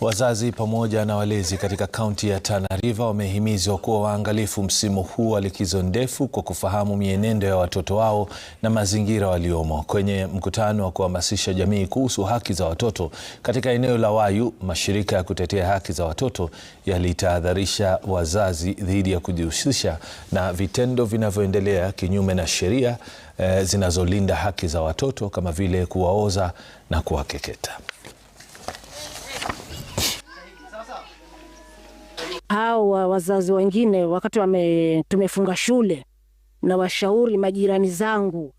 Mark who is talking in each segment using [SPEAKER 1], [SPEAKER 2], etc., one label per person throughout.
[SPEAKER 1] Wazazi pamoja na walezi katika kaunti ya Tana River wamehimizwa kuwa waangalifu msimu huu wa likizo ndefu kwa kufahamu mienendo ya watoto wao na mazingira waliomo. Kwenye mkutano wa kuhamasisha jamii kuhusu haki za watoto katika eneo la Wayu, mashirika ya kutetea haki za watoto yalitahadharisha wazazi dhidi ya kujihusisha na vitendo vinavyoendelea kinyume na sheria eh, zinazolinda haki za watoto kama vile kuwaoza na kuwakeketa.
[SPEAKER 2] au wazazi wengine wakati wame, tumefunga shule, na washauri majirani zangu,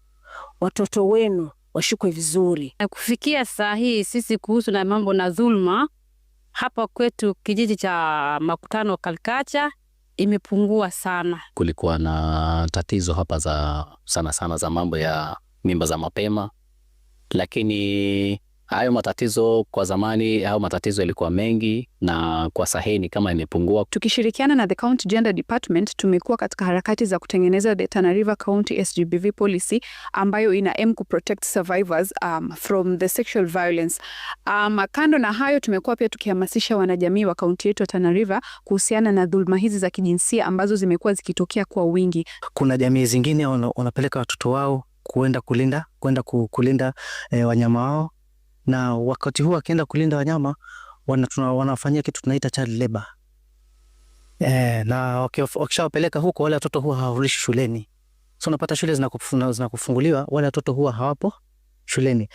[SPEAKER 2] watoto wenu washikwe vizuri.
[SPEAKER 3] Kufikia saa hii sisi kuhusu na mambo na dhulma hapa kwetu kijiji cha Makutano Kalkacha imepungua sana.
[SPEAKER 4] Kulikuwa na tatizo hapa za sana sana za mambo ya mimba za mapema, lakini hayo matatizo kwa zamani, hayo matatizo yalikuwa mengi na kwa ni kama imepungua.
[SPEAKER 5] Tukishirikiana na the County Gender Department, tumekuwa katika harakati za kutengeneza the Tana River County SGBV policy ambayo ina aim ku protect survivors um, from the sexual violence. Um, kando na hayo tumekuwa pia tukihamasisha wanajamii wa kaunti yetu ya Tana River kuhusiana na dhulma hizi za kijinsia ambazo zimekuwa zikitokea kwa wingi.
[SPEAKER 6] Kuna jamii zingine wanapeleka watoto wao kuenda kulinda, kuenda kulinda eh, wanyama wao na wakati huu akienda kulinda wanyama wanafanyia kitu tunaita child labor eh, na wakishawapeleka huko wale watoto huwa hawarudishi shuleni, so unapata shule zinakufunguliwa, wale watoto huwa hawapo shuleni.